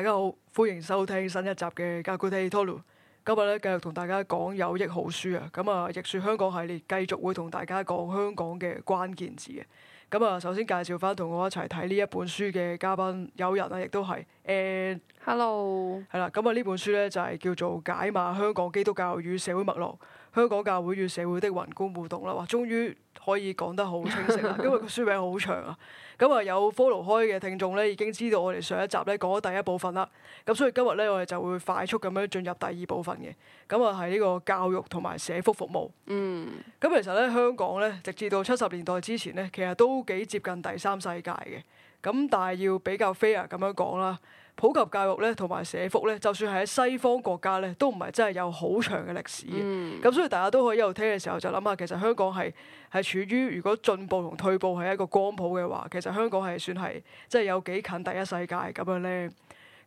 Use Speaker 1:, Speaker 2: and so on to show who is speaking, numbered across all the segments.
Speaker 1: 大家好，歡迎收聽新一集嘅《家居聽書錄》。今日咧繼續同大家講有益好書啊！咁啊，逆說香港系列繼續會同大家講香港嘅關鍵字嘅。咁啊，首先介紹翻同我一齊睇呢一本書嘅嘉賓，有人啊，亦都係誒，Hello，係啦。咁啊，呢本書呢，就係叫做《解碼香港基督教與社會脈絡：香港教會與社會的宏觀互動》啦。哇，終於。可以講得好清晰， 因為個書名好長啊。咁啊，有 follow 開嘅聽眾咧，已經知道我哋上一集咧講咗第一部分啦。咁所以今日咧，我哋就會快速咁樣進入第二部分嘅。咁啊，係呢個教育同埋社福服務。嗯。咁其實咧，香港咧，直至到七十年代之前咧，其實都幾接近第三世界嘅。咁但係要比較 fair 咁樣講啦。普及教育咧，同埋社福咧，就算係喺西方國家咧，都唔係真係有好長嘅歷史。咁、mm. 所以大家都可以一路聽嘅時候就想想，就諗下其實香港係係處於，如果進步同退步係一個光譜嘅話，其實香港係算係即係有幾近第一世界咁樣咧。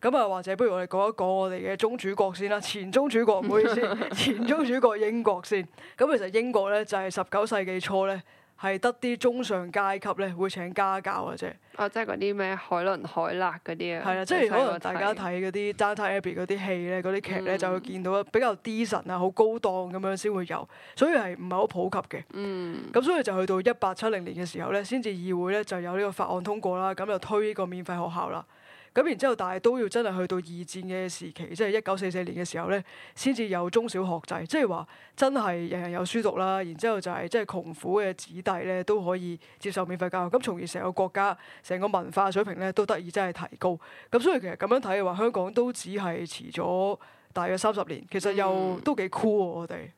Speaker 1: 咁啊，或者不如我哋講一講我哋嘅宗主國先啦，前宗主國唔好意思，前宗主國英國先。咁其實英國咧就係十九世紀初咧。係得啲中上階級咧會請家教嘅啫，
Speaker 2: 啊，即係嗰啲咩
Speaker 1: 海倫海勒嗰啲啊，係啦，即係可能大家睇嗰啲 Dante Abbey 嗰啲戲咧，嗰啲劇咧、mm. 就會見到比較 d 神啊，好高檔咁樣先會有，所以係唔係好普及嘅，咁、mm. 所以就去到一八七零年嘅時候咧，先至議會咧就有呢個法案通過啦，咁就推呢個免費學校啦。咁然之後，但係都要真係去到二戰嘅時期，即係一九四四年嘅時候咧，先至有中小學制，即係話真係人人有書讀啦。然之後就係即係窮苦嘅子弟咧，都可以接受免費教育。咁從而成個國家、成個文化水平咧，都得以真係提高。咁所以其實咁樣睇嘅話，香港都只係遲咗大約三十年，其實又都幾酷喎，我哋。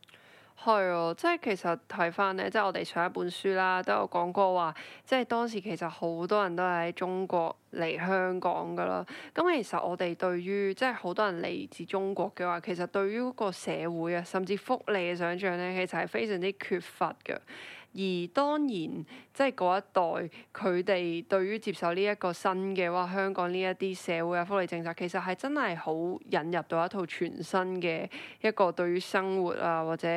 Speaker 2: 係啊，即係其實睇返咧，即係我哋上一本書啦，都有講過話，即係當時其實好多人都係喺中國嚟香港㗎喇。咁其實我哋對於即係好多人嚟自中國嘅話，其實對於嗰個社會啊，甚至福利嘅想像咧，其實係非常之缺乏㗎。而當然，即係嗰一代佢哋對於接受呢一個新嘅話，香港呢一啲社會嘅福利政策，其實係真係好引入到一套全新嘅一個對於生活啊，或者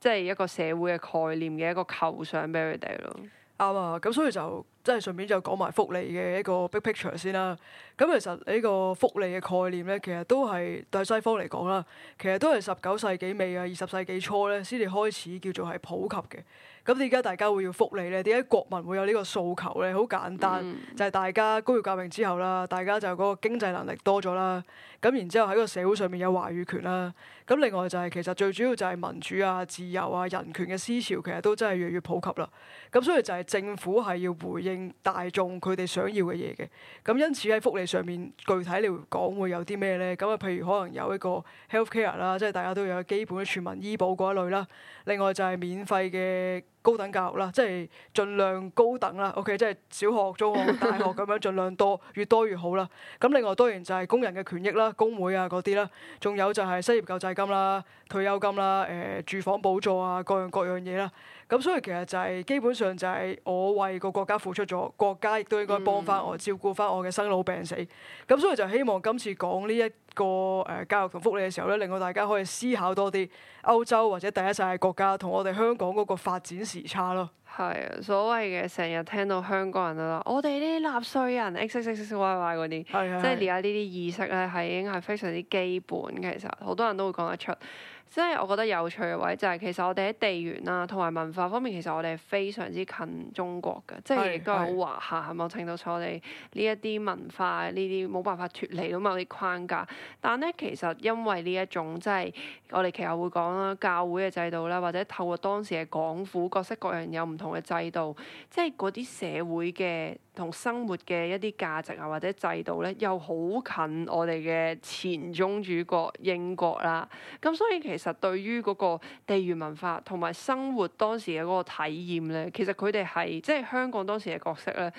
Speaker 2: 即係一個社會嘅概念嘅一個構想俾佢哋咯。
Speaker 1: 啱啊，咁所以就。即係順便就講埋福利嘅一個 big picture 先啦。咁其實呢個福利嘅概念呢，其實都係對西方嚟講啦，其實都係十九世紀尾啊、二十世紀初呢，先至開始叫做係普及嘅。咁點解大家會要福利呢？點解國民會有呢個訴求呢？好簡單，就係、是、大家工業革命之後啦，大家就嗰個經濟能力多咗啦。咁然之後喺個社會上面有話語權啦。咁另外就係、是、其實最主要就係民主啊、自由啊、人權嘅思潮，其實都真係越嚟越普及啦。咁所以就係政府係要回應，大眾佢哋想要嘅嘢嘅，咁因此喺福利上面具體嚟講會有啲咩呢？咁啊，譬如可能有一個 healthcare 啦，即係大家都有基本嘅全民醫保嗰一類啦。另外就係免費嘅高等教育啦，即係盡量高等啦。OK，即係小學、中學、大學咁樣盡量多，越多越好啦。咁另外當然就係工人嘅權益啦，工會啊嗰啲啦，仲有就係失業救濟金啦、退休金啦、誒、呃、住房補助啊各樣各樣嘢啦。咁所以其實就係、是、基本上就係我為個國家付出咗，國家亦都應該幫返我、嗯、照顧返我嘅生老病死。咁所以就希望今次講呢一個誒教育同福利嘅時候咧，令到大家可以思考多啲歐洲或者第一世界國家同我哋香港嗰個發展時差咯。係啊，所謂嘅成日聽到香港
Speaker 2: 人啦，我哋呢啲納稅人 X X X Y Y 嗰啲，即係而家呢啲意識咧係已經係非常之基本，其實好多人都會講得出。即係我覺得有趣嘅位就係，其實我哋喺地緣啊，同埋文化方面，其實我哋係非常之近中國嘅，即係亦都係好華夏，係咪？我聽到錯？你呢一啲文化呢啲冇辦法脫離到某啲框架。但咧，其實因為呢一種即係、就是、我哋其實會講啦，教會嘅制度啦，或者透過當時嘅港府角色，各式各樣有唔同嘅制度，即係嗰啲社會嘅同生活嘅一啲價值啊，或者制度咧，又好近我哋嘅前宗主國英國啦。咁所以其實對於嗰個地緣文化同埋生活當時嘅嗰個體驗咧，其實佢哋係即係香港當時嘅角色咧。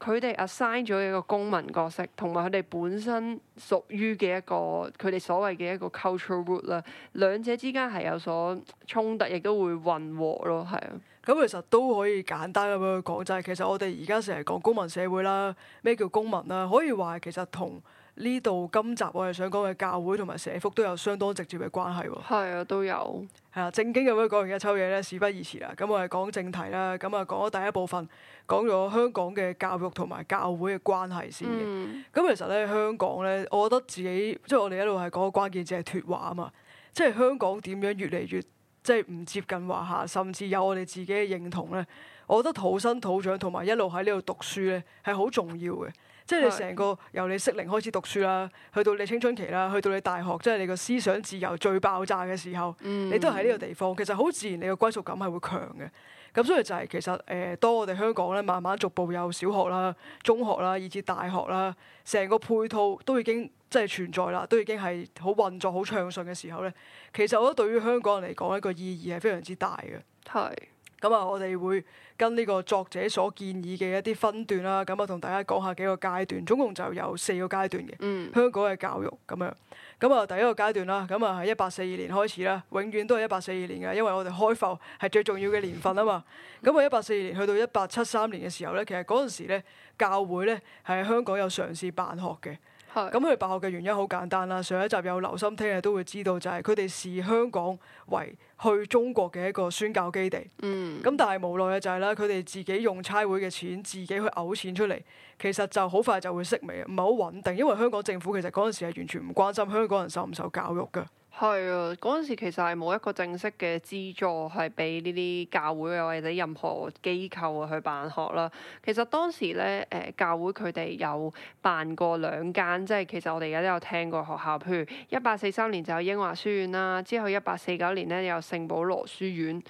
Speaker 2: 佢哋 assign 咗一個公民角色，同埋佢哋本身屬於嘅一個佢哋所謂嘅一個 cultural root 啦，兩者之間係有所衝突，亦都會混和咯，係啊。
Speaker 1: 咁其實都可以簡單咁樣講，就係其實我哋而家成日講公民社會啦，咩叫公民啦，可以話其實同。呢度今集我哋想講嘅教會同埋社福都有相當直接嘅關係喎。係啊，都有。係啊，正經咁樣講完一抽嘢咧，事不宜遲啦。咁我哋講正題啦。咁啊，講咗第一部分，講咗香港嘅教育同埋教會嘅關係先。咁、嗯、其實咧，香港咧，我覺得自己即係、就是、我哋一路係講個關鍵字係脫華啊嘛。即、就、係、是、香港點樣越嚟越即係唔接近華夏，甚至有我哋自己嘅認同咧。我覺得土生土長同埋一路喺呢度讀書咧係好重要嘅。即係你成個由你適齡開始讀書啦，去到你青春期啦，去到你大學，即係你個思想自由最爆炸嘅時候，你都喺呢個地方。其實好自然，你個歸屬感係會強嘅。咁所以就係其實誒，當我哋香港咧慢慢逐步有小學啦、中學啦，以至大學啦，成個配套都已經即係存在啦，都已經係好運作、好暢順嘅時候咧，其實我覺得對於香港人嚟講，呢個意義係非常之大嘅。係。咁啊，我哋會跟呢個作者所建議嘅一啲分段啦，咁啊同大家講下幾個階段，總共就有四個階段嘅。香港嘅教育咁樣，咁啊第一個階段啦，咁啊係一八四二年開始啦，永遠都係一八四二年嘅，因為我哋開埠係最重要嘅年份啊嘛。咁啊一八四二年去到一八七三年嘅時候呢，其實嗰陣時呢教會呢係香港有嘗試辦學嘅。咁佢爆嘅原因好簡單啦，上一集有留心聽嘅都會知道，就係佢哋視香港為去中國嘅一個宣教基地。咁、嗯、但係無奈嘅就係啦，佢哋自己用差會嘅錢，自己去嘔錢出嚟，其實就好快就會式微，唔係好穩定，因為香港政府其實嗰陣時係完全唔關心香港人受唔受教育嘅。
Speaker 2: 係啊，嗰陣時其實係冇一個正式嘅資助係俾呢啲教會啊或者任何機構啊去辦學啦。其實當時咧，誒教會佢哋有辦過兩間，即係其實我哋而家都有聽過學校，譬如一八四三年就有英華書院啦，之後一八四九年咧有聖保羅書院。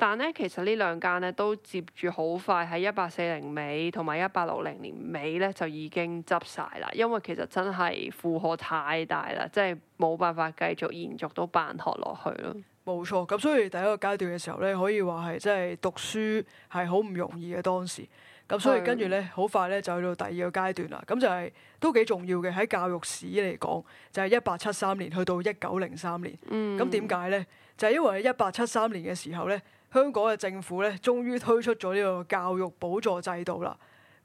Speaker 2: 但咧，其實呢兩間咧都接住好快喺一八四零尾同埋一八六零年尾咧就已經執晒啦，因為其實真係負荷太大啦，即係冇辦法繼續延續到辦學落去咯。
Speaker 1: 冇錯，咁所以第一個階段嘅時候咧，可以話係即係讀書係好唔容易嘅當時。咁所以跟住咧，好的快咧就去到第二個階段啦。咁就係、是、都幾重要嘅喺教育史嚟講，就係一八七三年去到一九零三年。嗯。咁點解咧？就係、是、因為喺一八七三年嘅時候咧。香港嘅政府咧，終於推出咗呢個教育補助制度啦。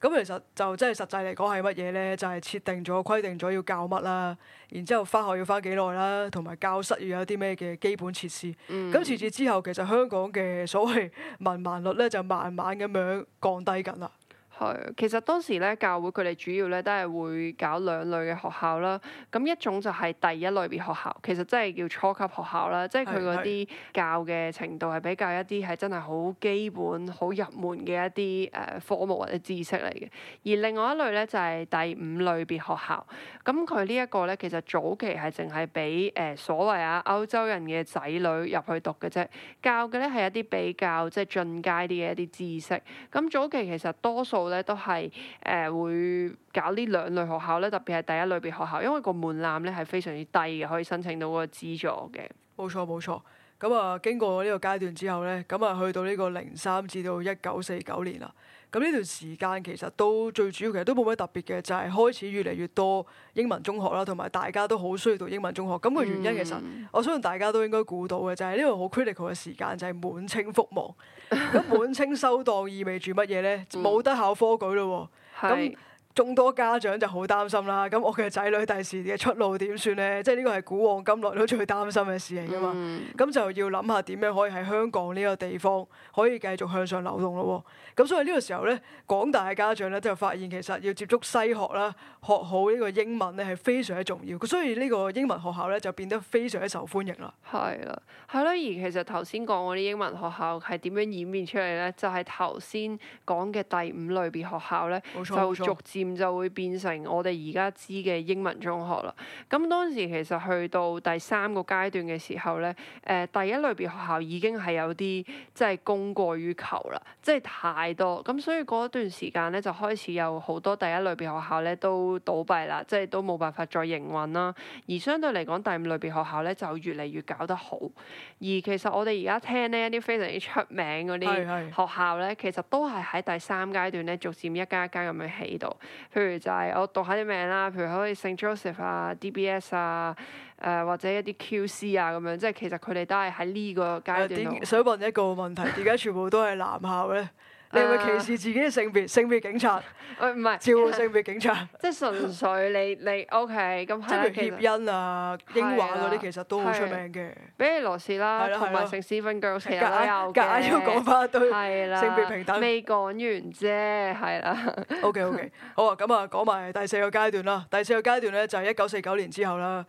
Speaker 1: 咁其實就即係實際嚟講係乜嘢咧？就係、是、設定咗、規定咗要教乜啦，然之後返學要返幾耐啦，同埋教室要有啲咩嘅基本設施。咁自此之後，其實香港嘅所謂文盲率咧，就慢慢咁樣降低緊啦。
Speaker 2: 係，其實當時咧，教會佢哋主要咧都係會搞兩類嘅學校啦。咁一種就係第一類別學校，其實真係叫初級學校啦，即係佢嗰啲教嘅程度係比較一啲係真係好基本、好入門嘅一啲誒、呃、科目或者知識嚟嘅。而另外一類咧就係、是、第五類別學校，咁佢呢一個咧其實早期係淨係俾誒所謂啊歐洲人嘅仔女入去讀嘅啫，教嘅咧係一啲比較即係進階啲嘅一啲知識。咁早期其實多數咧都係誒、呃、會搞呢兩類學校咧，特別係第一類別學校，因為個門檻咧係非常之低嘅，可以申請到嗰個資助
Speaker 1: 嘅。冇錯冇錯，咁啊經過呢個階段之後咧，咁啊去到呢個零三至到一九四九年啦。咁呢段時間其實都最主要其實都冇乜特別嘅，就係、是、開始越嚟越多英文中學啦，同埋大家都好需要讀英文中學。咁、那個原因其實、嗯、我相信大家都應該估到嘅，就係、是、呢個好 critical 嘅時間就係、是、滿清覆亡。咁滿 清收檔意味住乜嘢呢？冇、嗯、得考科舉咯喎。是眾多家長就好擔心啦，咁我嘅仔女第時嘅出路點算咧？即係呢個係古往今來都最擔心嘅事情噶嘛。咁、嗯、就要諗下點樣可以喺香港呢個地方可以繼續向上流動咯喎。咁所以呢個時候咧，廣大嘅家長咧就發現其實要接觸西學啦，學好呢個英文咧係非常之重要。所以呢個英文學校咧就變得非常之受歡迎啦。
Speaker 2: 係啦，係啦。而其實頭先講嗰啲英文學校係點樣演變出嚟咧？就係頭先講嘅第五類別學校咧，就逐漸冇錯。就會變成我哋而家知嘅英文中學啦。咁當時其實去到第三個階段嘅時候咧，誒、呃、第一類別學校已經係有啲，即係供過於求啦，即係太多。咁所以嗰一段時間咧，就開始有好多第一類別學校咧都倒閉啦，即係都冇辦法再營運啦。而相對嚟講，第五類別學校咧就越嚟越搞得好。而其實我哋而家聽呢一啲非常之出名嗰啲是學校咧，其實都係喺第三階段咧逐漸一間一間咁樣起度。譬如就係我讀下啲名啦，譬如可以聖 Joseph 啊、DBS 啊、誒、呃、或者一啲 QC 啊
Speaker 1: 咁樣，即係其實佢哋都係喺呢個階段、呃。想問一個問題，點解 全部都係男校咧？你係咪歧視自己嘅性別？性別警察，唔係，照顧性別警察，即係純粹你你 OK 咁即係，協恩啊，英華嗰啲其實都好出名嘅，
Speaker 2: 庇理羅士啦，同埋聖士提反 girls，梗硬要，講翻一
Speaker 1: 堆，性別平
Speaker 2: 等未講完啫，係啦
Speaker 1: ，OK OK，好啊，咁啊，講埋第四個階段啦，第四個階段咧就係一九四九年之後啦。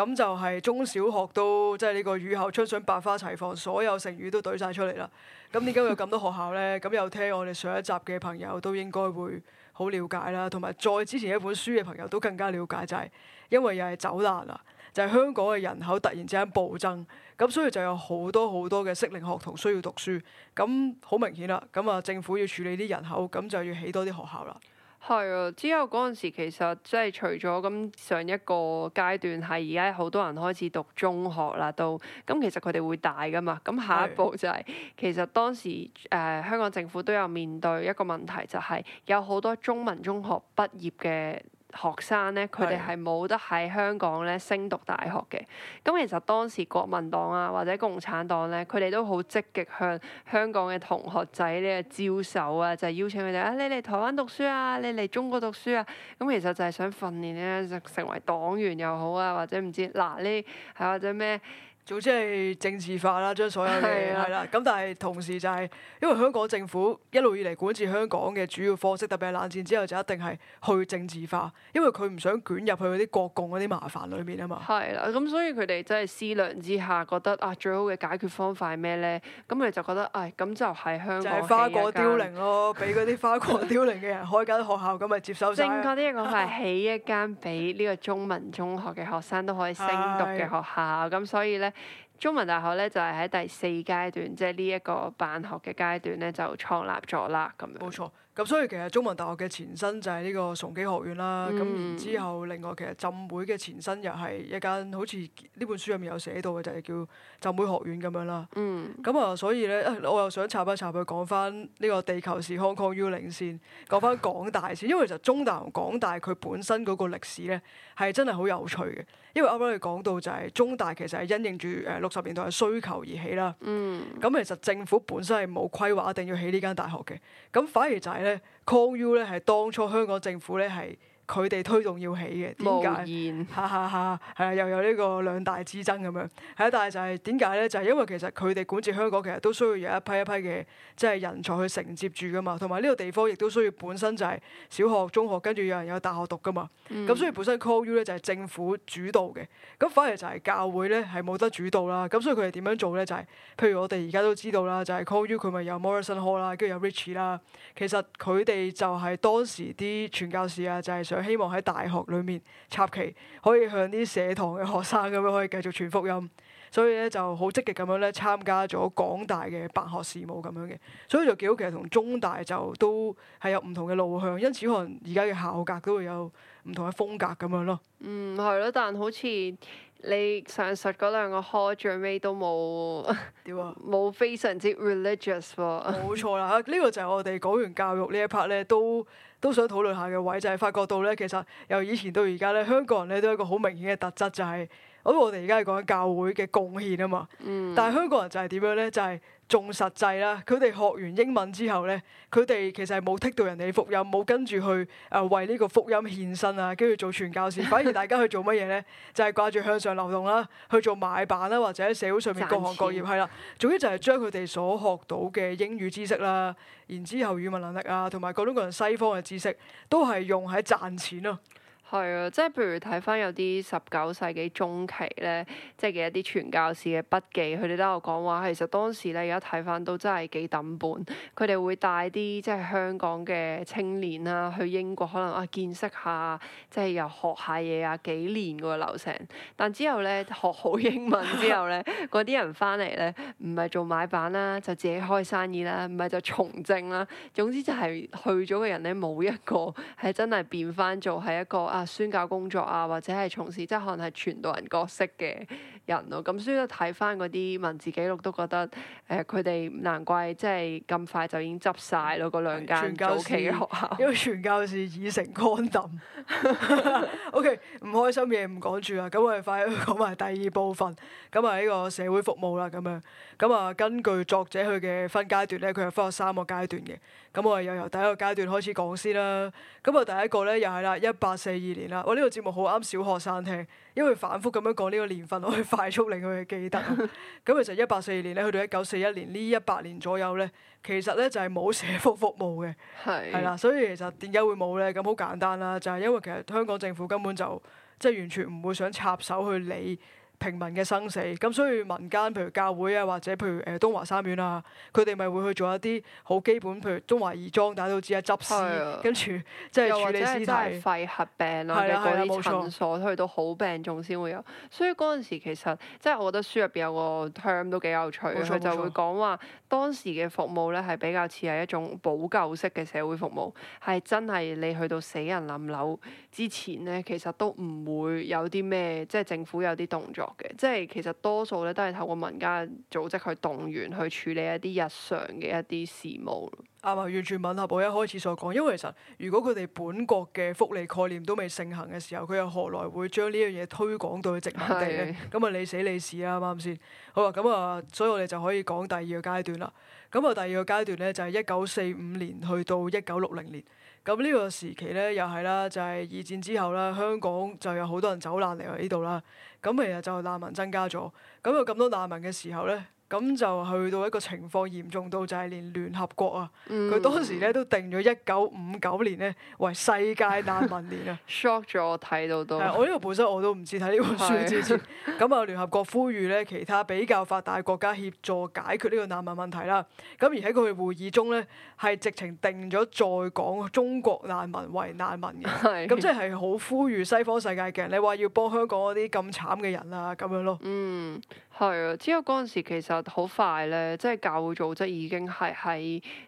Speaker 1: 咁就係中小學都即係呢個雨後春筍百花齊放，所有成語都懟晒出嚟啦。咁點解會有咁多學校呢？咁有聽我哋上一集嘅朋友都應該會好了解啦。同埋再之前一本書嘅朋友都更加了解，就係因為又係走難啦，就係、是、香港嘅人口突然之間暴增，咁所以就有好多好多嘅適齡學童需要讀書。咁好明顯啦，咁啊政府要處理啲人口，咁就要起多啲學校啦。
Speaker 2: 係啊，之後嗰陣時其實即係除咗咁，上一個階段係而家好多人開始讀中學啦，都咁其實佢哋會大㗎嘛，咁下一步就係、是、的其實當時誒、呃、香港政府都有面對一個問題，就係、是、有好多中文中學畢業嘅。學生咧，佢哋係冇得喺香港咧升讀大學嘅。咁其實當時國民黨啊，或者共產黨咧，佢哋都好積極向香港嘅同學仔呢招手啊，就係、是、邀請佢哋啊，你嚟台灣讀書啊，你嚟中國讀書啊。咁其實就係想訓練咧，就成為黨員又好啊，或者唔知嗱、啊，你係、啊、或者咩？
Speaker 1: 總之係政治化啦，將所有嘢係啦。咁是、啊啊、但係同時就係、是、因為香港政府一路以嚟管治香港嘅主要方式，特別係冷戰之後就一定係去政治化，因為佢唔想捲入去嗰啲國共嗰啲麻煩裡面啊嘛。
Speaker 2: 係啦，咁所以佢哋真係思量之下覺得啊，最好嘅解決方法係咩咧？咁佢就覺得唉，咁就係香港起花果凋零
Speaker 1: 咯、哦，俾嗰啲花果凋零嘅人開間學校，咁咪接收。正確啲
Speaker 2: 講係起一間俾呢個中文中學嘅學生都可以升讀嘅學校，咁所以咧。中文大學咧，就係喺第四階段，即係呢一個辦學嘅階段咧就創立咗啦，咁樣。冇錯。
Speaker 1: 咁所以其實中文大學嘅前身就係呢個崇基學院啦，咁、mm. 然之後，另外其實浸會嘅前身又係一間好似呢本書入面有寫到嘅，就係、是、叫浸會學院咁樣啦。咁啊、mm.，所以咧，我又想插一插佢講翻呢個地球是 Hong Kong U 零線，講翻港大先， 因為其實中大同港大佢本身嗰個歷史咧係真係好有趣嘅，因為啱啱你講到就係中大其實係因應住誒六十年代嘅需求而起啦。咁、mm. 其實政府本身係冇規劃一定要起呢間大學嘅，咁反而就係咧。call u 咧，係當初香港政府咧，係。佢哋推動要起嘅，點解？哈哈哈，係啊，又有呢個兩大之爭咁樣，係啊，但係就係點解咧？就係、是、因為其實佢哋管治香港，其實都需要有一批一批嘅即係人才去承接住噶嘛，同埋呢個地方亦都需要本身就係小學、中學跟住有人有大學讀噶嘛。咁、嗯、所以本身 Call U 咧就係政府主導嘅，咁反而就係教會咧係冇得主導啦。咁所以佢哋點樣做咧？就係、是、譬如我哋而家都知道啦，就係、是、Call U 佢咪有 Morrison Hall 啦，跟住有 Richie 啦。其實佢哋就係當時啲傳教士啊，就係想。希望喺大學裏面插旗，可以向啲社堂嘅學生咁樣可以繼續傳福音，所以咧就好積極咁樣咧參加咗港大嘅辦學事務咁樣嘅，所以就幾好。其實同中大就都係有唔同嘅路向，因此可能而家嘅校格都會有唔同嘅風格咁樣咯。
Speaker 2: 嗯，係咯，但好似你上述嗰兩個科最尾都冇，冇點樣？非常之 religious。冇
Speaker 1: 錯 啦，呢個就係我哋講完教育一呢一 part 咧都都想討論下嘅位就係、是、發覺到咧，其實由以前到而家咧，香港人咧都有一個好明顯嘅特質就係、是，咁我哋而家係講緊教會嘅貢獻啊嘛，嗯、但係香港人就係點樣咧？就係、是。重實際啦，佢哋學完英文之後呢，佢哋其實係冇剔到人哋嘅福音，冇跟住去誒為呢個福音獻身啊，跟住做傳教士。反而大家去做乜嘢呢？就係掛住向上流動啦，去做買辦啦，或者喺社會上面各行各業係啦錢。總之就係將佢哋所學到嘅英語知識啦，然之後語文能力啊，同埋各種各樣西方嘅知識，都係用喺賺錢咯。
Speaker 2: 係啊，即係譬如睇翻有啲十九世紀中期咧，即係嘅一啲傳教士嘅筆記，佢哋都有講話。其實當時咧，而家睇翻都真係幾抌本。佢哋會帶啲即係香港嘅青年啦、啊，去英國可能啊見識下，即係又學下嘢啊，幾年個流程。但之後咧學好英文之後咧，嗰啲 人翻嚟咧，唔係做買辦啦、啊，就自己開生意啦、啊，唔係就從政啦、啊。總之就係去咗嘅人咧，冇一個係真係變翻做係一個啊～啊、宣教工作啊，或者係從事即係可能係傳道人角色嘅人咯、啊，咁所以睇翻嗰啲文字記錄都覺得，誒佢哋難怪即係咁快就已經執
Speaker 1: 晒咯，嗰兩間早期嘅學校，因為傳教士已成干冧。O K，唔開心嘢唔講住啦，咁我哋快講埋第二部分，咁啊呢個社會服務啦，咁樣，咁啊根據作者佢嘅分階段咧，佢係分咗三個階段嘅。咁我哋又由第一個階段開始講先啦。咁啊，第一個咧又係啦，一八四二年啦。我、這、呢個節目好啱小學生聽，因為反覆咁樣講呢個年份落去，我快速令佢哋記得。咁 其實一八四二年咧，去到一九四一年呢年一百年左右咧，其實咧就係冇社福服務嘅。係是。係啦，所以其實點解會冇咧？咁好簡單啦，就係、是、因為其實香港政府根本就即係、就是、完全唔會想插手去理。平民嘅生死，咁所以民間譬如教會啊，或者譬如誒東華三院啊，佢哋咪會去做一啲好基本，譬如東華義莊，大家都知事啊，執屍，跟住即係處理屍體、是是
Speaker 2: 肺核病啦，嗰啲診所，去到好病重先會有。所以嗰陣時其實，即係我覺得書入邊有個 term 都幾有趣，嘅錯，佢就會講話。錯當時嘅服務咧，係比較似係一種補救式嘅社會服務，係真係你去到死人冧樓之前咧，其實都唔會有啲咩，即係政府有啲動作嘅，即係其實多數咧都係透過民間組織去動員去處理一啲日常嘅一啲事務。
Speaker 1: 啱啊，完全吻合我一開始所講，因為其實如果佢哋本國嘅福利概念都未盛行嘅時候，佢又何來會將呢樣嘢推廣到去殖民地咧？咁啊的，你死你事啦，啱唔啱先？好啦，咁啊，所以我哋就可以講第二個階段啦。咁啊，第二個階段咧就係一九四五年去到一九六零年。咁呢個時期咧又係啦，就係、是、二戰之後啦，香港就有好多人走難嚟到呢度啦。咁啊，就難民增加咗。咁有咁多難民嘅時候咧？咁就去到一個情況嚴重到就係、是、連聯合國啊，佢、嗯、當時咧都定咗一九五九年咧為世界難民年啊！Shock 咗我睇到都。係，我呢個本身我都唔知睇呢本書之前。咁啊是，聯合國呼籲咧其他比較發達國家協助解決呢個難民問題啦。咁而喺佢嘅會議中咧，係直情定咗在港中國難民為難民嘅。咁即係好呼籲西方世界嘅人，你話要幫香港嗰啲咁慘嘅人啊，咁樣咯。嗯。係
Speaker 2: 啊，USSR, ago, 之後嗰陣時其實好快咧，即係教會組織已經係喺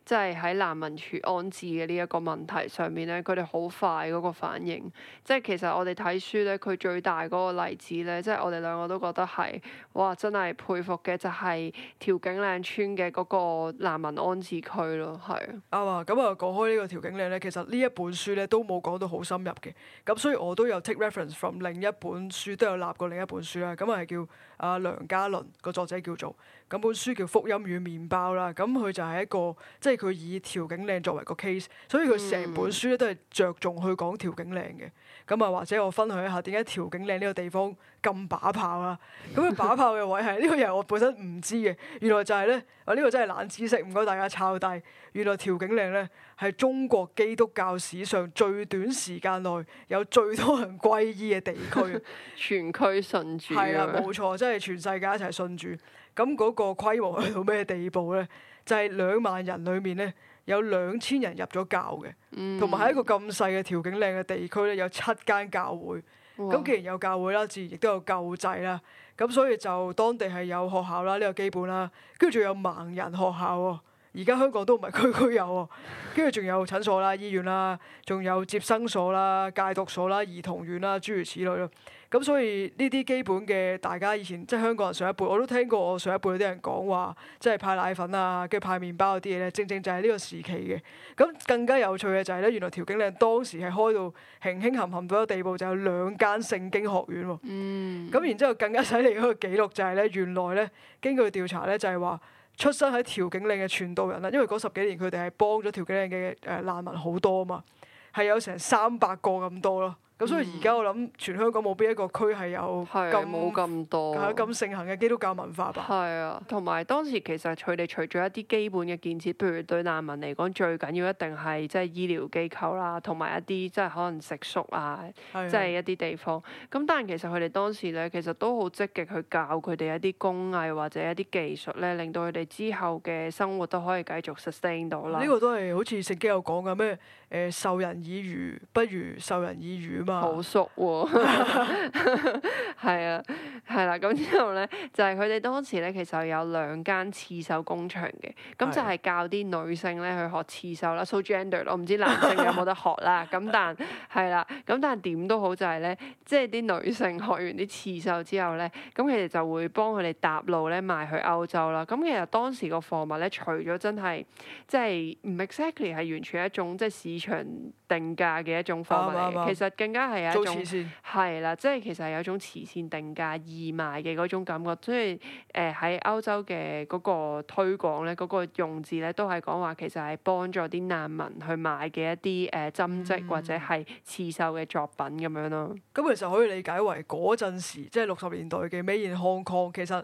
Speaker 2: 即係喺難民處安置嘅呢一個問題上面咧，佢哋好快嗰個反應。即係其實我哋睇書咧，佢最大嗰個例子咧，即係我哋兩個都覺得係哇，真係佩服嘅就係調景嶺村嘅嗰個難民安置區咯，係。
Speaker 1: 啱啊，咁啊講開呢個調景嶺咧，其實呢一本書咧都冇講到好深入嘅。咁所以我都有 take reference from 另一本書，都有立過另一本書啦。咁係、mm. 叫阿梁家。阿倫個作者叫做。咁本書叫《福音與麵包》啦，咁佢就係一個，即係佢以調景嶺作為個 case，所以佢成本書咧都係着重去講調景嶺嘅。咁啊，或者我分享一下點解調景嶺呢個地方咁把炮啦？咁佢把炮嘅位係呢、呢個又係我本身唔知嘅，原來就係、是、咧，我、這、呢個真係冷知識，唔該大家抄低。原來調景嶺咧係中國基督教史上最短時間內有最多人歸依嘅地區， 全區信主、啊。係啦，冇錯，即係全世界一齊信主。咁嗰個規模去到咩地步呢？就係、是、兩萬人裡面呢，有兩千人入咗教嘅，同埋喺一個咁細嘅調景嶺嘅地區呢，有七間教會。咁既然有教會啦，自然亦都有救濟啦。咁所以就當地係有學校啦，呢、這個基本啦。跟住仲有盲人學校喎、喔，而家香港都唔係區區有喎、喔。跟住仲有診所啦、醫院啦，仲有接生所啦、戒毒所啦、兒童院啦，諸如此類咯。咁所以呢啲基本嘅大家以前即係、就是、香港人上一輩我都聽過，我上一輩有啲人講話，即係派奶粉啊，跟住派麵包嗰啲嘢咧，正正就係呢個時期嘅。咁更加有趣嘅就係咧，原來調景嶺當時係開到墟墟冚冚到一個地步，就有兩間聖經學院喎。嗯。咁然之後更加犀利嗰個記錄就係、是、咧，原來咧經過調查咧，就係話出生喺調景嶺嘅傳道人啦，因為嗰十幾年佢哋係幫咗調景嶺嘅誒難民好多啊嘛，係有成三百個咁多咯。所以而家我諗全香港冇邊一個區係有冇咁多咁、啊、盛行嘅基督教文化吧？係
Speaker 2: 啊，同埋當時其實佢哋除咗一啲基本嘅建設，譬如對難民嚟講最緊要一定係即係醫療機構啦，同埋一啲即係可能食宿啊，即係、啊、一啲地方。咁但係其實佢哋當時咧，其實都好積極去教佢哋一啲工藝或者一啲技術咧，令到佢哋之後嘅生活都可以繼續 sustain 到啦。呢、嗯，這個都
Speaker 1: 係好似聖經有講嘅咩？誒授、呃、人以魚不如授人以漁。好熟喎，
Speaker 2: 係 啊，係啦、啊，咁之後咧就係佢哋當時咧其實有兩間刺繡工場嘅，咁就係教啲女性咧去學刺繡啦，so gender 咯，我唔知男性有冇得學啦，咁 但係啦，咁、啊、但係點都好就係咧，即係啲女性學完啲刺繡之後咧，咁佢哋就會幫佢哋搭路咧賣去歐洲啦，咁其實當時個貨物咧除咗真係即係、就、唔、係、exactly 係完全一種即係、就是、市場定價嘅一種貨物嚟，嘅、啊。啊啊、其實經而家係一種係啦，即係其實係有一種慈善定價義賣嘅嗰種感覺。所以誒喺歐洲嘅嗰個推廣咧，嗰、嗰個用字咧都係講話其實係幫助啲難民去賣嘅一啲誒、呃、針織或者係刺繡嘅作品咁、嗯、樣
Speaker 1: 咯。咁其實可以理解為嗰陣時即係六十年代嘅 Made in Hong Kong 其實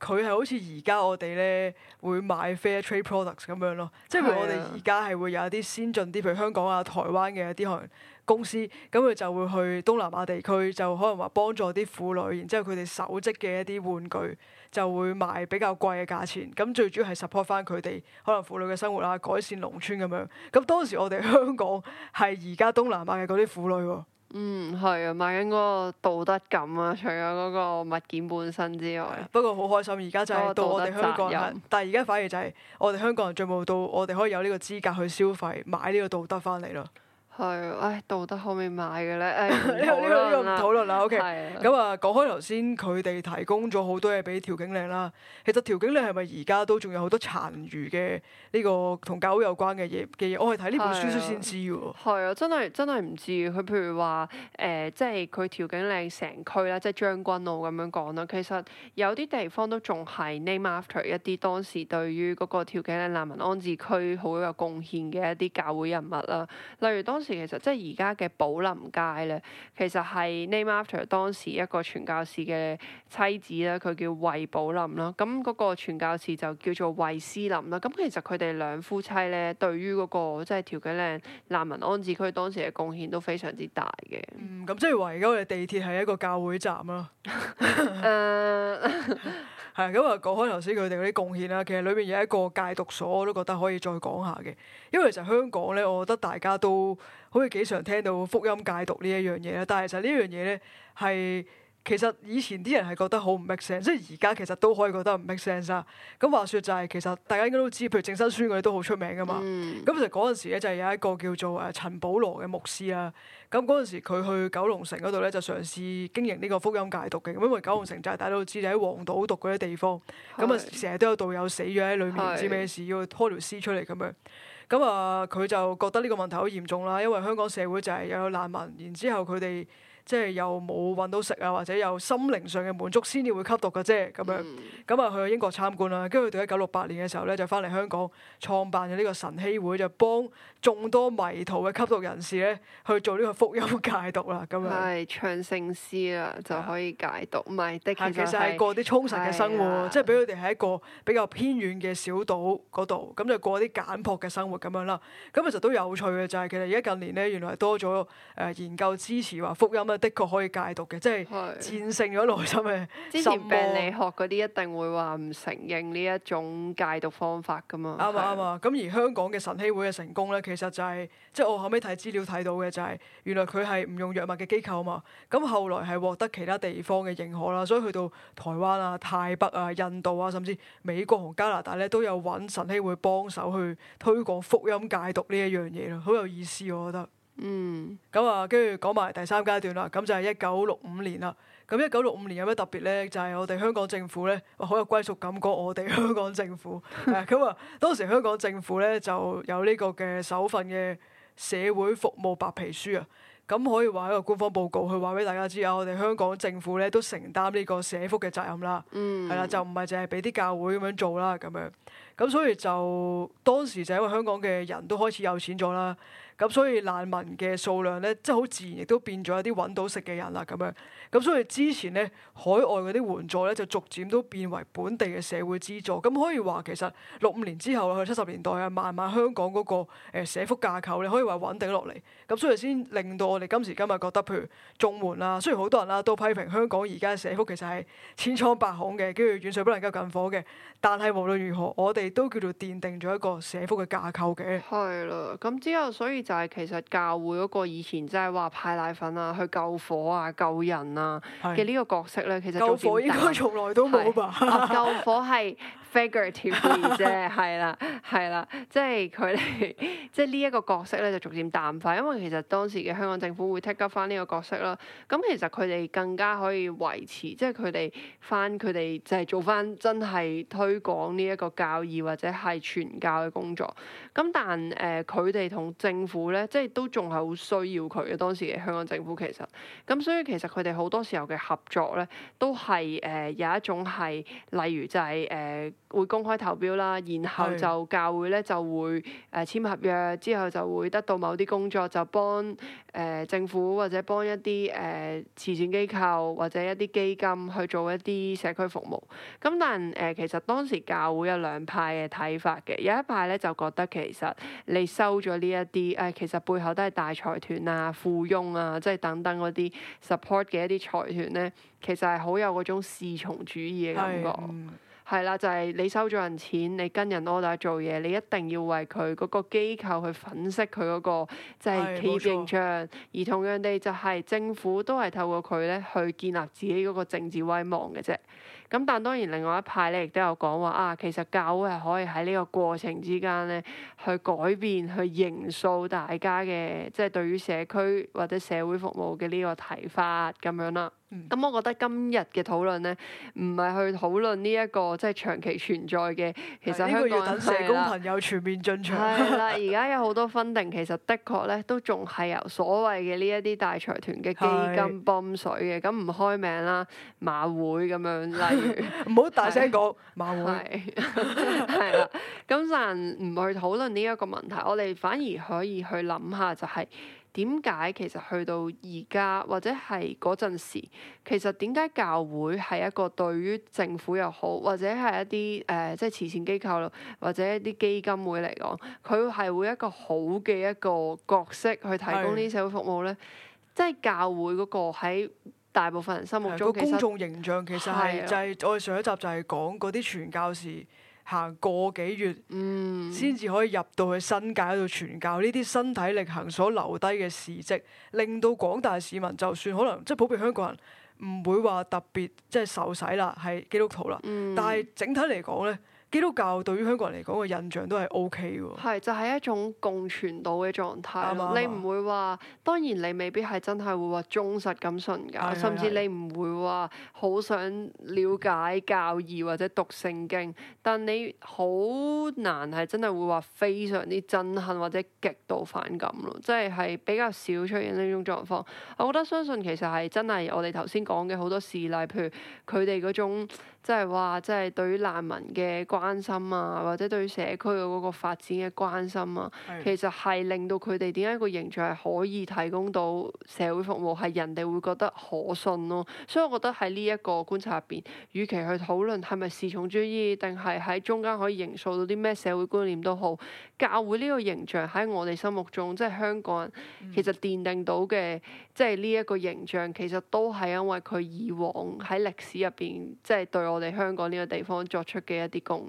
Speaker 1: 佢係好似而家我哋咧會買 Fair Trade Products 咁樣咯。即係我哋而家係會有一啲先進啲，譬如香港啊、台灣嘅一啲可能。公司咁佢就會去東南亞地區，就可能話幫助啲婦女，然之後佢哋手織嘅一啲玩具就會賣比較貴嘅價錢。咁最主要係 support 翻佢哋，可能婦女嘅生活啦，改善農村咁樣。咁當時我哋香港係而家東南亞嘅嗰啲婦女喎。嗯，
Speaker 2: 係啊，賣緊嗰個道德感啊，除咗嗰個物件本身之外，不過
Speaker 1: 好開心，而家就係到我哋香港人，但係而家反而就係我哋香港人進步到我哋可以有呢個資格去消費買呢個道德翻嚟咯。
Speaker 2: 係，唉，道德可唔可以買嘅咧？呢個呢個呢個唔討論啦、 這個這
Speaker 1: 個，OK。咁啊講開頭先，佢哋提供咗好多嘢俾調景嶺啦。其實調景嶺係咪而家都仲有好多殘餘嘅呢個同教會有關嘅嘢嘅嘢？我係睇呢本書先知喎。
Speaker 2: 係啊，真係真係唔知佢。譬如話誒即係佢調景嶺成區啦，即係將軍澳咁樣講啦。其實有啲地方都仲係 name after 一啲當時對於嗰個調景嶺難民安置區好有貢獻嘅一啲教會人物啦。例如當時。其實即係而家嘅寶林街咧，其實係 Name After 當時一個傳教士嘅妻子啦，佢叫魏寶林啦。咁嗰個傳教士就叫做魏思林啦。咁其實佢哋兩夫妻咧，對於嗰、那個即係調景嶺難民安置區當時嘅貢獻都非常之大嘅。
Speaker 1: 嗯，咁即係話我哋地鐵係一個教會站啦。 係咁啊！ 嗯、我講開頭先佢哋嗰啲貢獻啦，其實裏面有一個戒毒所，我都覺得可以再講下嘅。因為其實香港呢，我覺得大家都好似幾常聽到福音戒毒呢一樣嘢啦。但係其實呢樣嘢呢係。其實以前啲人係覺得好唔 make sense，即係而家其實都可以覺得唔 make sense 啦。咁話說就係、是、其實大家應該都知，譬如正生書院嗰啲都好出名㗎嘛。咁、嗯、其實嗰陣時咧就係有一個叫做誒陳保羅嘅牧師啦。咁嗰陣時佢去九龍城嗰度咧就嘗試經營呢個福音戒毒嘅。咁因為九龍城就係大家都知你喺、就是、黃賭毒嗰啲地方，咁啊成日都有道友死咗喺裏面，唔知咩事要拖條屍出嚟咁樣。咁啊佢就覺得呢個問題好嚴重啦，因為香港社會就係有難民，然之後佢哋。即係又冇揾到食啊，或者有心靈上嘅滿足先至會吸毒嘅啫咁樣。咁啊、嗯、去英國參觀啦，跟住佢哋喺一九六八年嘅時候咧就翻嚟香港，創辦咗呢個晨曦會，就幫眾多迷途嘅吸毒人士咧去做呢個福音戒毒啦。咁樣係
Speaker 2: 唱聖詩啊，就可以戒毒，唔係的。其實係過啲充實嘅生活，的
Speaker 1: 即係俾佢哋喺一個比較偏遠嘅小島嗰度，咁就過啲簡樸嘅生活咁樣啦。咁其實都有趣嘅就係、是、其實而家近年咧原來多咗誒、呃、研究支持話福音。啊。的確可以戒毒嘅，即係戰勝咗內心嘅。 麼之前病理學嗰
Speaker 2: 啲一定會話唔承認呢一種戒毒方法㗎嘛。啱啊，啱
Speaker 1: 啊。咁而香港嘅晨曦會嘅成功咧，其實就係、是、即係我後尾睇資料睇到嘅、就是，就係原來佢係唔用藥物嘅機構啊嘛。咁後來係獲得其他地方嘅認可啦，所以去到台灣啊、泰北啊、印度啊，甚至美國同加拿大咧，都有揾晨曦會幫手去推廣福音戒毒呢一樣嘢咯，好有意思，我覺得。Mm. 嗯，咁啊，跟住講埋第三階段啦，咁就係一九六五年啦。咁一九六五年有咩特別呢？就係、是、我哋香港政府呢，好有歸屬感。過我哋香港政府，咁 啊，當時香港政府呢，就有呢個嘅首份嘅社會服務白皮書啊。咁可以話一個官方報告，去話俾大家知啊。我哋香港政府呢，都承擔呢個社福嘅責任啦。嗯，
Speaker 2: 係啦，就
Speaker 1: 唔係淨係俾啲教會咁樣做啦，咁樣。咁所以就當時就因為香港嘅人都開始有錢咗啦。咁所以難民嘅數量咧，即係好自然亦都變咗一啲揾到食嘅人啦，咁樣。咁所以之前咧，海外嗰啲援助咧，就逐漸都變為本地嘅社會資助。咁可以話其實六五年之後去七十年代啊，慢慢香港嗰個誒社福架構咧，可以話穩定落嚟。咁所以先令到我哋今時今日覺得，譬如綜援啦，雖然好多人啦都批評香港而家社福其實係千瘡百孔嘅，跟住遠水不能夠近火嘅。但係無論如何，我哋都叫做奠定咗一個社福嘅架構嘅。係
Speaker 2: 啦，咁之後所以。就係其實教會嗰個以前即係話派奶粉啊，去救火啊、救人啊嘅呢個角色咧，其實救火應該從來都冇吧？ 啊，救火係。Figuratively 啫，係啦、就是，係啦， 即係佢哋，即係呢一個角色咧，就逐漸淡化，因為其實當時嘅香港政府會 take up 翻呢個角色啦。咁、嗯、其實佢哋更加可以維持，即係佢哋翻佢哋就係做翻真係推廣呢一個教義或者係傳教嘅工作。咁、嗯、但誒，佢哋同政府咧，即係都仲係好需要佢嘅。當時嘅香港政府其實，咁、嗯、所以其實佢哋好多時候嘅合作咧，都係誒、呃、有一種係，例如就係、是、誒。呃會公開投標啦，然後就教會咧就會誒簽、呃、合約，之後就會得到某啲工作，就幫誒、呃、政府或者幫一啲誒、呃、慈善機構或者一啲基金去做一啲社區服務。咁但係、呃、其實當時教會有兩派嘅睇法嘅，有一派咧就覺得其實你收咗呢一啲誒，其實背後都係大財團啊、富翁啊，即、就、係、是、等等嗰啲 support 嘅一啲財團咧，其實係好有嗰種侍從主義嘅感覺。係啦，就係、是、你收咗人錢，你跟人 order 做嘢，你一定要為佢嗰個機構去粉飾佢嗰、那個即係、就是、企業形象。而同樣地，就係政府都係透過佢咧去建立自己嗰個政治威望嘅啫。咁但當然另外一派咧，亦都有講話啊，其實教會係可以喺呢個過程之間咧去改變、去營造大家嘅即係對於社區或者社會服務嘅呢個睇法咁樣啦。咁、嗯、我覺得今日嘅討論咧，唔係去討論呢、這、一個即係長期存在嘅，其實香港等社工朋
Speaker 1: 友全面進場係啦，而家
Speaker 2: 有好多分定，其實的確咧都仲係由所謂嘅呢一啲大財團嘅基金泵水嘅，咁唔的開名啦，馬會咁樣，例
Speaker 1: 如唔好 大聲講
Speaker 2: 的馬會，係啦是的，咁就唔去討論呢一個問題，我哋反而可以去諗下就係、是。點解其實去到而家或者係嗰陣時，其實點解教會係一個對於政府又好，或者係一啲誒即係慈善機構咯，或者一啲基金會嚟講，佢係會一個好嘅一個角色去提供呢啲社會服務咧？即係是的 教會嗰個喺大部分人心目中，個公眾形
Speaker 1: 象其實係是的 就係我哋上一集就係講嗰啲傳教士。行個幾月，先至、嗯、可以入到去新界度傳教。呢啲身體力行所留低嘅事蹟，令到廣大市民就算可能即係、就是、普遍香港人唔會話特別即係、就是、受洗啦，係基督徒啦。嗯、但係整體嚟講呢。基督教對於香港人嚟講嘅印象都係 O.K. 喎，
Speaker 2: 係、就係、是、一種共存到嘅狀態，咯對吧。你唔會話，當然你未必係真係會話忠實咁信教，對對對，甚至你唔會話好想了解教義或者讀聖經，但你好難係真係會話非常之憎恨或者極度反感咯，即係係比較少出現呢種狀況。我覺得相信其實係真係我哋頭先講嘅好多事例，譬如佢哋嗰種即係話即係對於難民嘅。關心啊，或者對社區嘅嗰個發展嘅關心啊，的其實係令到佢哋點解個形象係可以提供到社會服務，係人哋會覺得可信咯、啊。所以我覺得喺呢一個觀察入邊，與其去討論係咪侍從主義定係喺中間可以營造到啲咩社會觀念都好，教會呢個形象喺我哋心目中，即係香港人其實奠定到嘅即係呢一個形象，其實都係因為佢以往喺歷史入邊即係對我哋香港呢個地方作出嘅一啲貢。
Speaker 1: 風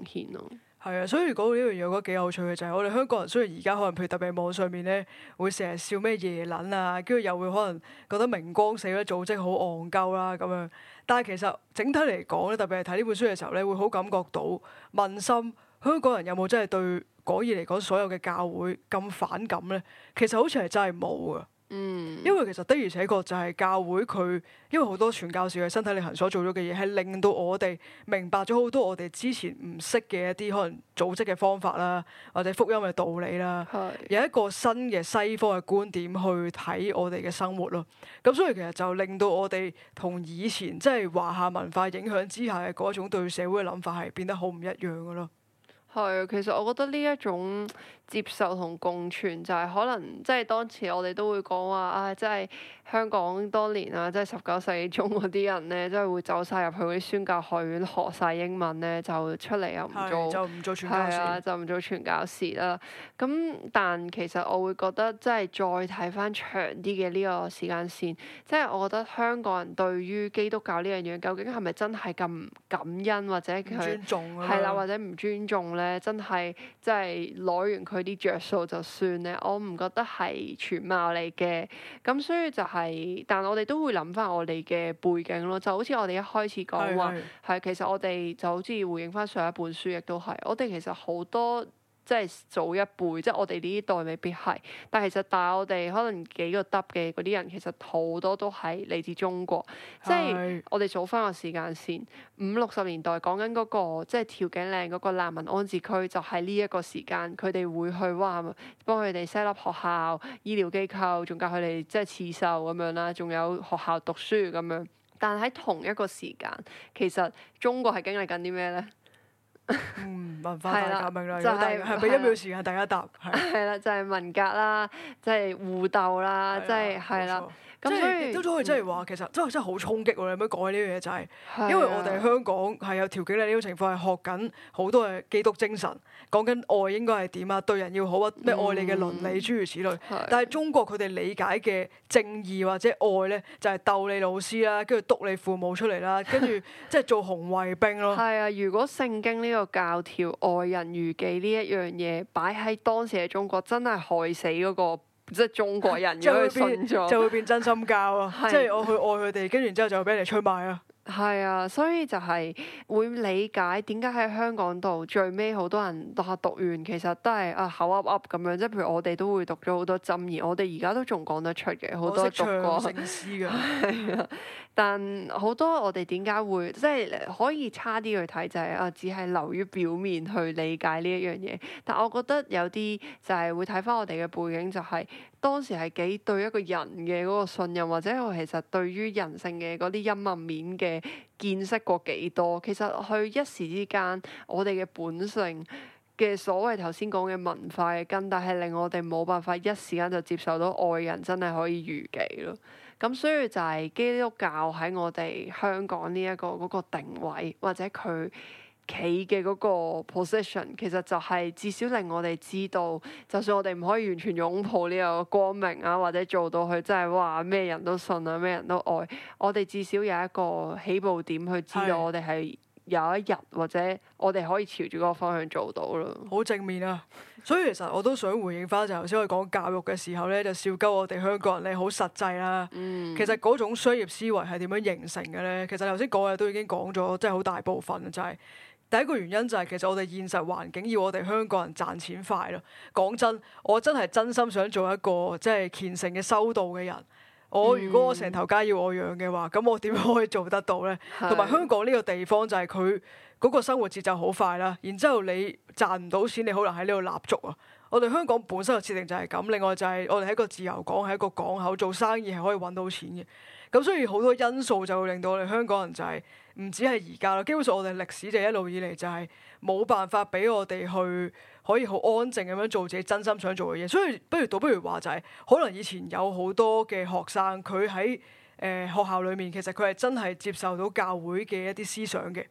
Speaker 1: 係啊，所以講到呢樣嘢，我覺得幾有趣嘅就係，我哋香港人雖然而家可能譬如特別係網上面咧，會成日笑咩耶撚啊，跟住又會可能覺得明光社咧組織好戇鳩啦咁樣，但係其實整體嚟講咧，特別係睇呢本書嘅時候咧，會好感覺到問心，香港人有冇真係對廣義嚟講所有嘅教會咁反感咧？其實好似係真係冇啊。嗯，因為其實的而且確就係教會佢，因為好多傳教士嘅身體力行所做咗嘅嘢，係令到我哋明白咗好多我哋之前唔識嘅一啲可能組織嘅方法啦，或者福音嘅道理啦，的有一個新嘅西方嘅觀點去睇我哋嘅生活咯。咁所以其實就令到我哋同以前即係、就是、華夏文化影響之下嘅嗰種對社會嘅諗法係變得好唔一樣噶咯。
Speaker 2: 係啊，其實我覺得呢一種接受同共存就係可能，即係當時我哋都會講話，啊。即係香港當年啊，即係十九世紀中嗰啲人咧，即係會走晒入去嗰啲宣教學院學晒英文咧，就出嚟又唔做，的對就唔做傳教士，就唔做傳教士啦。咁但其實我會覺得，即係再睇翻長啲嘅呢個時間線，即係我覺得香港人對於基督教呢樣嘢究竟係咪真係咁感恩或者佢尊重？係啦，或者唔尊重咧？咧真係，即係攞完佢啲着數就算咧，我唔覺得係全貌嚟嘅。咁所以就係、是，但我哋都會諗翻我哋嘅背景咯，就好似我哋一開始講話，係的其實我哋就好似回應翻上一本書亦都係，我哋其實好多。即係早一輩，即係我哋呢啲代未必係，但係其實大我哋可能幾個得嘅嗰啲人，其實好多都係嚟自中國。的即係我哋早翻個時間先，五六十年代講緊嗰個即係條頸嶺嗰個難民安置區，就喺呢一個時間，佢哋會去哇，幫佢哋 set up 學校、醫療機構，仲教佢哋即係刺繡咁樣啦，仲有學校
Speaker 1: 讀書咁樣。
Speaker 2: 但喺同一個時間，其實中國係經歷緊啲咩呢？
Speaker 1: 嗯，文化大革命啦，咁但俾一秒時間的大家答。
Speaker 2: 係啦，就係、係、文革啦，即、就、係、係、互鬥啦，即係係啦。就係
Speaker 1: 即係都都可以真，即係話其實真係真係好衝擊喎！你有冇講緊呢樣嘢就係、是，因為我哋香港係有條件咧，呢種情況係學緊好多嘅基督精神，講緊愛應該係點啊，對人要好啊，咩愛你嘅倫理、嗯、諸如此類。是但係中國佢哋理解嘅正義或者愛咧，就係、是、鬥你老師啦，跟住篤你父母出嚟啦，跟住即係做紅衛兵咯。係啊！如果
Speaker 2: 聖經呢個教條愛人如己呢一樣嘢擺喺當時嘅中國，真係
Speaker 1: 害死嗰、那個。
Speaker 2: 即係中國人就會,就會
Speaker 1: 變真心教啊！即係 我去愛佢哋，跟住之後就會俾人出賣啊！
Speaker 2: 係啊，所以就係會理解點解喺香港度最尾好多人讀下讀完，其實都係啊口噏噏咁樣。即係譬如我哋都會讀咗好多針，而我哋而家都仲講得出嘅好多讀過。但好多我哋點解會即係可以差啲去睇就係啊，只係留於表面去理解呢一樣嘢。但我覺得有啲就係會睇翻我哋嘅背景，就是，就係當時係幾對一個人嘅嗰個信任，或者我其實對於人性嘅嗰啲陰暗面嘅見識過幾多。其實佢一時之間，我哋嘅本性嘅所謂頭先講嘅文化嘅根，但係令我哋冇辦法一時間就接受到愛人真係可以如己咯。咁所以就係基督教喺我哋香港呢一個嗰個定位，或者佢企嘅嗰個 position，其實就係至少令我哋知道，就算我哋唔可以完全擁抱呢個光明啊，或者做到佢，真係哇咩人都信啊，咩人都愛，我哋至少有一個起步點去知道我哋係有一日或者我哋可以朝住嗰個方向做到咯。
Speaker 1: 好正面啊！所以其實我都想回應翻就頭、是、先我講教育嘅時候咧，就笑鳩我哋香港人你好實際啦。嗯、其實嗰種商業思維係點樣形成嘅咧？其實頭先講嘅都已經講咗，即係好大部分啊！就係、是、第一個原因就係、是、其實我哋現實環境要我哋香港人賺錢快咯。講真，我真係真心想做一個即係虔誠嘅修道嘅人。我、嗯、如果我成頭家要我養嘅話，咁我點可以做得到咧？同埋是香港呢個地方就係佢。嗰個生活節奏好快啦，然之後你賺唔到錢，你好難喺呢度立足啊！我哋香港本身嘅設定就係咁，另外就係我哋喺一個自由港，喺一個港口做生意係可以揾到錢嘅。咁所以好多因素就會令到我哋香港人就係、是、唔止係而家啦，基本上我哋歷史就一路以嚟就係冇辦法俾我哋去可以好安靜咁樣做自己真心想做嘅嘢。所以不如倒不如話就係、是、可能以前有好多嘅學生佢喺誒學校裏面，其實佢係真係接受到教會嘅一啲思想嘅。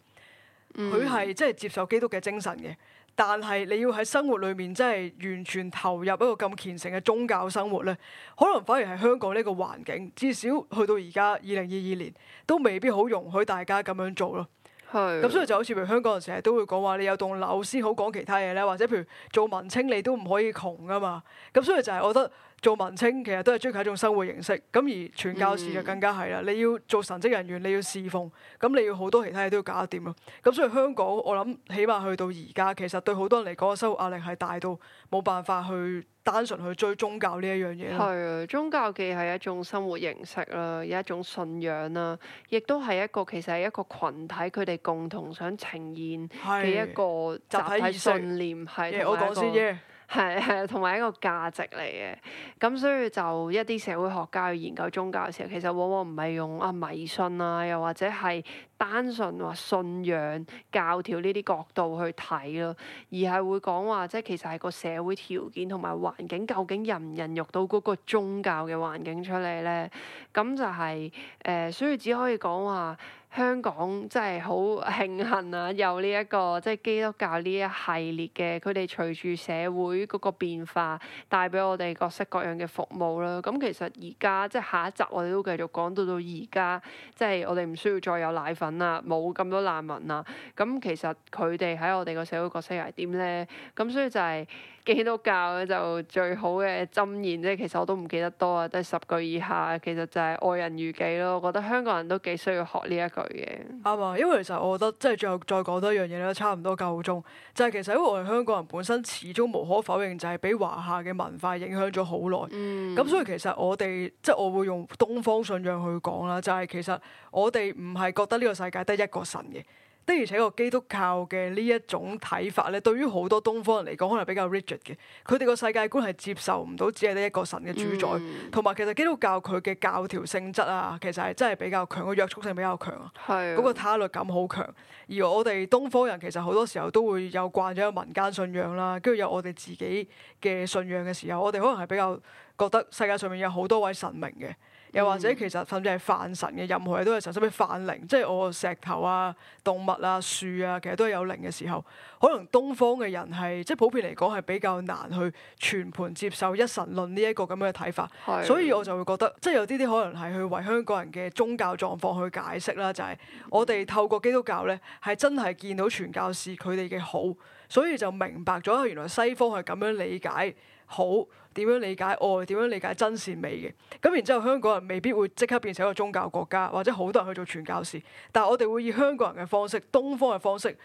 Speaker 1: 佢係、嗯、即係接受基督嘅精神嘅，但係你要喺生活裏面真係完全投入一個咁虔誠嘅宗教生活呢，可能反而係香港呢個環境，至少去到而家二零二二年都未必好容許大家咁樣做咯。係咁
Speaker 2: 是的，
Speaker 1: 所以就好似譬如香港人成日都會講話，你有棟樓先好講其他嘢呢，或者譬如做文青你都唔可以窮㗎嘛。咁所以就係我覺得。做文青其實都係追求一種生活形式，咁而傳教士就更加係啦。嗯、你要做神職人員，你要侍奉，咁你要好多其他嘢都要搞得掂咯。咁所以香港，我諗起碼去到而家，其實對好多人嚟講，個生活壓力係大到冇辦法去單純去追宗教呢一樣嘢。係
Speaker 2: 啊，宗教既係一種生活形式啦，有一種信仰啦，亦都係一個其實係一個群體，佢哋共同想呈現嘅一個集體信念係。我講先。係係，同埋一個價值嚟嘅，咁所以就一啲社會學家去研究宗教嘅時候，其實往往唔係用啊迷信啦、啊，又或者係單純話信仰教條呢啲角度去睇咯，而係會講話即係其實係個社會條件同埋環境究竟人唔人入到嗰個宗教嘅環境出嚟咧，咁就係、是、誒、呃，所以只可以講話。香港真係好慶幸啊、呢個，有呢一個即係基督教呢一系列嘅，佢哋隨住社會嗰個變化，帶俾我哋各式各樣嘅服務啦。咁其實而家即係下一集我哋都繼續講到到而家，即、就、係、是、我哋唔需要再有奶粉啦，冇咁多難民啦。咁其實佢哋喺我哋個社會角色又係點咧？咁所以就係、是。基督教咧就最好嘅箴言啫，其實我都唔記得多啊，都係十句以下。其實就係愛人如己咯，我覺得香港人都幾需要學呢一句嘅。
Speaker 1: 啱啊，因為其實我覺得即係最後再講多一樣嘢都差唔多夠鐘。就係、是、其實因為香港人本身始終無可否認就係俾華夏嘅文化影響咗好耐。咁、嗯、所以其實我哋即係我會用東方信仰去講啦，就係、是、其實我哋唔係覺得呢個世界得一個神嘅。的而且確基督教嘅呢一種睇法咧，對於好多東方人嚟講，可能比較 rigid 嘅。佢哋個世界觀係接受唔到，只係呢一個神嘅主宰。同埋、嗯、其實基督教佢嘅教條性質啊，其實係真係比較強，個約束性比較強。啊的。嗰個他律感好強。而我哋東方人其實好多時候都會有慣咗有民間信仰啦，跟住有我哋自己嘅信仰嘅時候，我哋可能係比較覺得世界上面有好多位神明嘅。又或者其實甚至係泛神嘅，任何嘢都係神，甚至泛靈，即係我石頭啊、動物啊、樹啊，其實都係有靈嘅時候。可能東方嘅人係即係普遍嚟講係比較難去全盤接受一神論呢一個咁樣嘅睇法，的所以我就會覺得即係有啲啲可能係去為香港人嘅宗教狀況去解釋啦，就係、是、我哋透過基督教咧係真係見到傳教士佢哋嘅好，所以就明白咗，原來西方係咁樣理解。好，點樣理解愛？點樣理解真善美嘅？咁然之後，香港人未必會即刻變成一個宗教國家，或者好多人去做傳教士。但係我哋會以香港人嘅方式、東方嘅方式，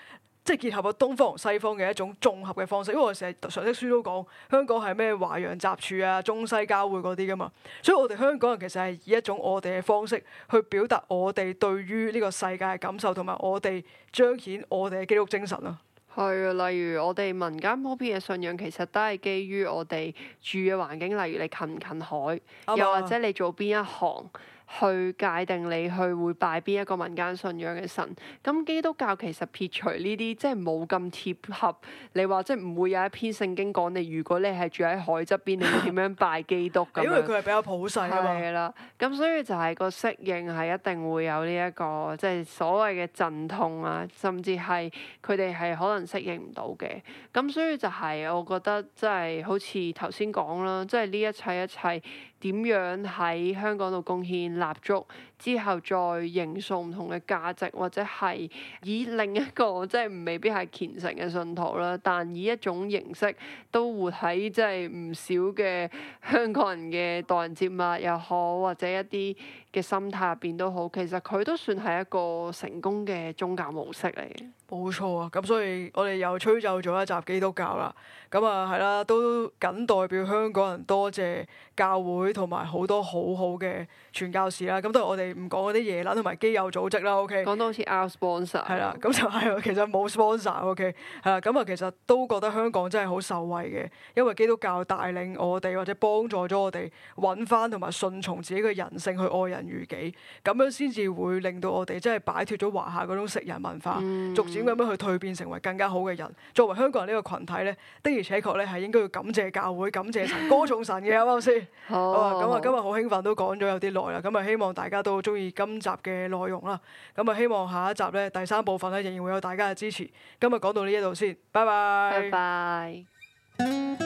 Speaker 1: 即係結合咗東方同西方嘅一種綜合嘅方式。因為我成日常識書都講香港係咩華洋雜處啊、中西交匯嗰啲噶嘛。所以我哋香港人其實係以一種我哋嘅方式去表達我哋對於呢個世界嘅感受，同埋我哋彰顯我哋嘅基督精神啊。
Speaker 2: 係啊，例如我哋民間普遍嘅信仰，其實都係基於我哋住嘅環境，例如你近唔近海，啊、又或者你做邊一行，去界定你去會拜邊一個民間信仰嘅神，咁基督教其實撇除呢啲，即係冇咁貼合你話，即係唔會有一篇聖經講你，如果你係住喺海側邊，你要點樣拜基督咁？ 因為佢係比較普世啦。係啦，咁所以就係個適應係一定會有呢、這、一個即係、就是、所謂嘅陣痛啊，甚至係佢哋係可能適應唔到嘅。咁所以就係我覺得，即係好似頭先講啦，即係呢一切一切。點樣喺香港度貢獻蠟燭？之後再營送唔同嘅價值，或者係以另一個即係未必係虔誠嘅信徒啦，但以一種形式都活喺即係唔少嘅香港人嘅待人接物又好，或者一啲嘅心態入邊都好，其實佢都算係一個成功嘅宗教模式嚟嘅。
Speaker 1: 冇錯啊！咁所以我哋又吹奏咗一集基督教啦。咁啊，係啦，都僅代表香港人多謝教會同埋好多好好嘅傳教士啦。咁都係我哋。唔講嗰啲嘢啦，同埋基友組織啦，OK。講到好似 sponsor。係啦、嗯，咁就係咯，其實冇 sponsor，OK。係啦，咁啊，其實都覺得香港真係好受惠嘅，因為基督教帶領我哋，或者幫助咗我哋搵返同埋順從自己嘅人性去愛人如己，咁樣先至會令到我哋真係擺脱咗華夏嗰種食人文化，嗯、逐漸咁樣去蛻變成為更加好嘅人。作為香港人呢個群體呢，的而且確呢係應該要感謝教會，感謝神， 歌頌神嘅，啱啱先？好。咁啊，今日好興奮，都講咗有啲耐啦，咁啊，希望大家都～好中意今集嘅內容啦，咁啊，希望下一集呢第三部分呢，仍然會有大家嘅支持。今日講到呢一度先，拜拜。拜拜。